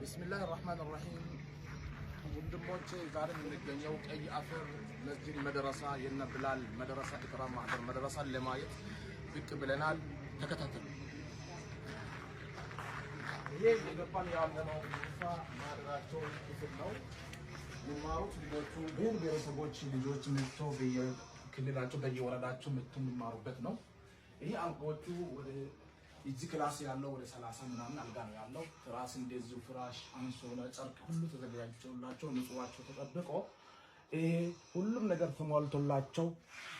ብስሚላህ ራህማን ራሂም ወንድሞቼ ዛሬ የምንገኘው ቀይ አፈር መስጂድ መደረሳ የነ ብላል መደረሳ ኢክራም ማህበር መደረሳን ለማየት ብቅ ብለናል። ተከታተሉ። ይሄ የገባን ያለነው ሳ ክፍል ነው የሚማሩት ልጆቹ ብሔር ብሔረሰቦች ልጆች መጥቶ በየክልላቸው በየወረዳቸው መጥቶ የሚማሩበት ነው። ይሄ አንቆቹ ወደ እዚህ ክላስ ያለው ወደ ሰላሳ ምናምን አልጋ ነው ያለው። ትራስ እንደዚሁ ፍራሽ፣ አንሶላ፣ ጨርቅ ሁሉ ተዘጋጅቶላቸው ንጹዋቸው ተጠብቆ ይሄ ሁሉም ነገር ተሟልቶላቸው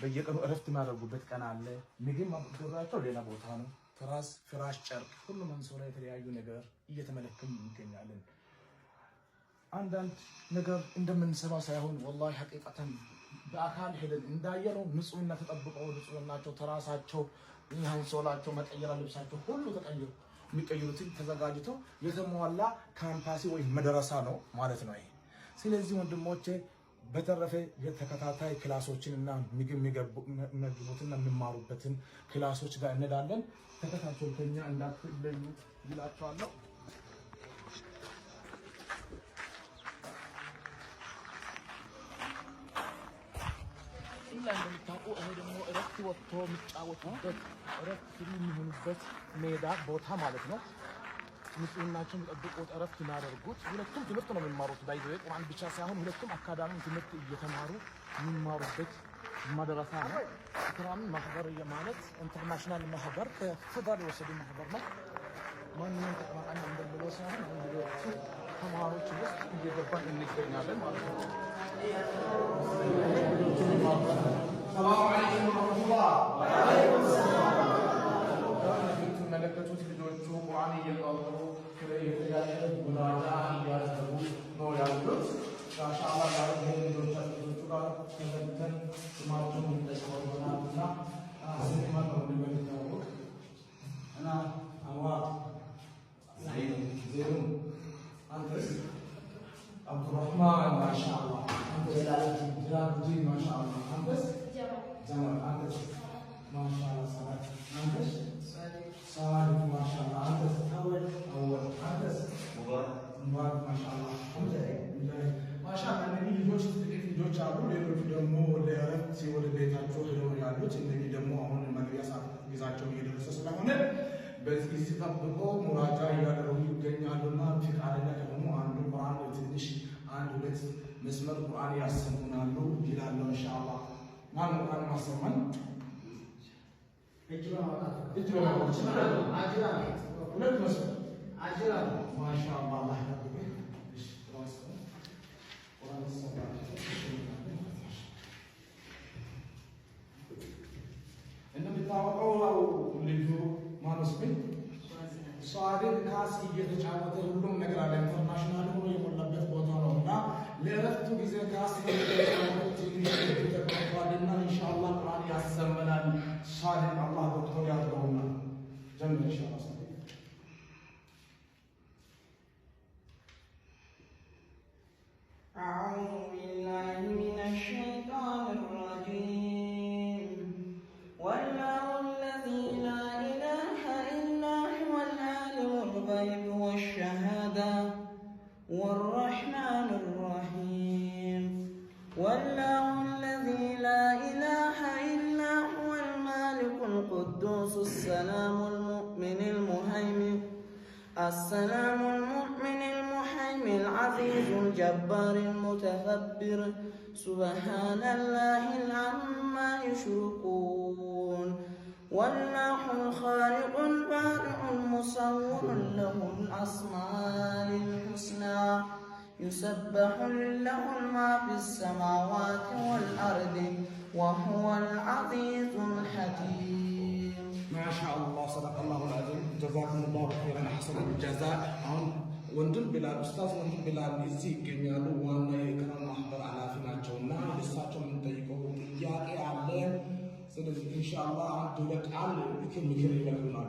በየቀኑ እረፍት የሚያደርጉበት ቀን አለ። ምግብ ማብራቸው ሌላ ቦታ ነው። ትራስ፣ ፍራሽ፣ ጨርቅ፣ ሁሉም አንሶላ፣ የተለያዩ ነገር እየተመለከም እንገኛለን። አንዳንድ ነገር እንደምንሰማ ሳይሆን ወላሂ ሀቂቃተን በአካል ሄደን እንዳየነው ንጹህነት ተጠብቀው ንጹህ ናቸው። ተራሳቸው፣ አንሶላቸው፣ መቀየራ ልብሳቸው ሁሉ ተቀይሩ የሚቀይሩትን ተዘጋጅተው የተሟላ ካምፓሲ ወይ መደረሳ ነው ማለት ነው ይሄ። ስለዚህ ወንድሞቼ በተረፈ የተከታታይ ክላሶችን እና ምግብ የሚመግቡትና የሚማሩበትን ክላሶች ጋር እንዳለን ተከታተልተኛ እንዳትለዩ እንዳትለዩት ይላቸዋለሁ። ላይ እንደምታውቁ ይሄ ደግሞ እረፍት ወጥቶ የሚጫወቱበት እረፍት የሚሆኑበት ሜዳ ቦታ ማለት ነው። ንጽህናቸው የሚጠብቁት እረፍት የሚያደርጉት ሁለቱም ትምህርት ነው የሚማሩት። ባይ ቁርአን ብቻ ሳይሆን ሁለቱም አካዳሚ ትምህርት እየተማሩ የሚማሩበት መድረሳ ነው። ኢክራም ማህበር ማለት ኢንተርናሽናል ማህበር ከፌደራል የወሰዱ ማህበር ነው። ማንኛውም ተቀማቃኝ እንደምለው ሳይሆን ተማሪዎች ውስጥ እየገባን እንገኛለን ማለት ነው። የምትመለከቱት ልጆቹ ቁርአን እየቀሩ የተለያየ ሙራጃ እያዘቡ ነው ያሉት። ከሻላ ልጆቹ ጋር ተገብተን ስማቸውን ይጠቀሙናልና ስማ ነው እና አዋ عبد الرحمن ما شاء الله الدين ما شاء الله جمال بزي سيطاب دقو مراجع يادرو يوغن يادونا في قارنة يومو عندو قرآن وزنش عندو لت مسمر قرآن يسمون عندو جلالو إن شاء الله ما نقرآن ما سمن؟ اجرام اجرام اجرام ما شاء الله الله يحبه قرآن السبع قرآن السبع قرآن السبع قرآن السبع قرآن السبع قرآن السبع قرآن السبع قرآن السبع قرآن السبع قرآن السبع قرآن السبع قرآن السبع قرآن السبع قرآن السبع قرآن السبع قرآن السبع قرآن السبع قرآن السبع قرآن ዮሐንስ ቤት እሷ ግን ካስ እየተጫወተ ሁሉም ነገር አለ። ኢንተርናሽናል ሆኖ የሞላበት ቦታ ነው እና ለእረፍቱ ጊዜ ካስ ተጠቅሟልና ኢንሻአላህ ቁርአን ያሰመናል። ሷሊህ አላህ ዶክተር ያድርገውና ጀምር ኢንሻአላህ والرحمن الرحيم والله الذي لا إله إلا هو المالك القدوس السلام المؤمن المهيمن السلام المؤمن المهيمن العزيز الجبار المتكبر سبحان الله عما يشركون والله الخالق البارئ مصور لهم الأسماء الحسنى يسبح له ما في السماوات والأرض وهو العزيز الحكيم ما شاء الله صدق الله العظيم جزاكم الله خيرا حسن الجزاء بلا نسي كن ኡስታዝ وانا ቢላል እዚህ على فينا جونا لساتو من تيكو እና እሳቸው የምንጠይቀው إن شاء الله ኢንሻአላህ አንድ ሁለት ቃል ምክር ይመክሩናሉ።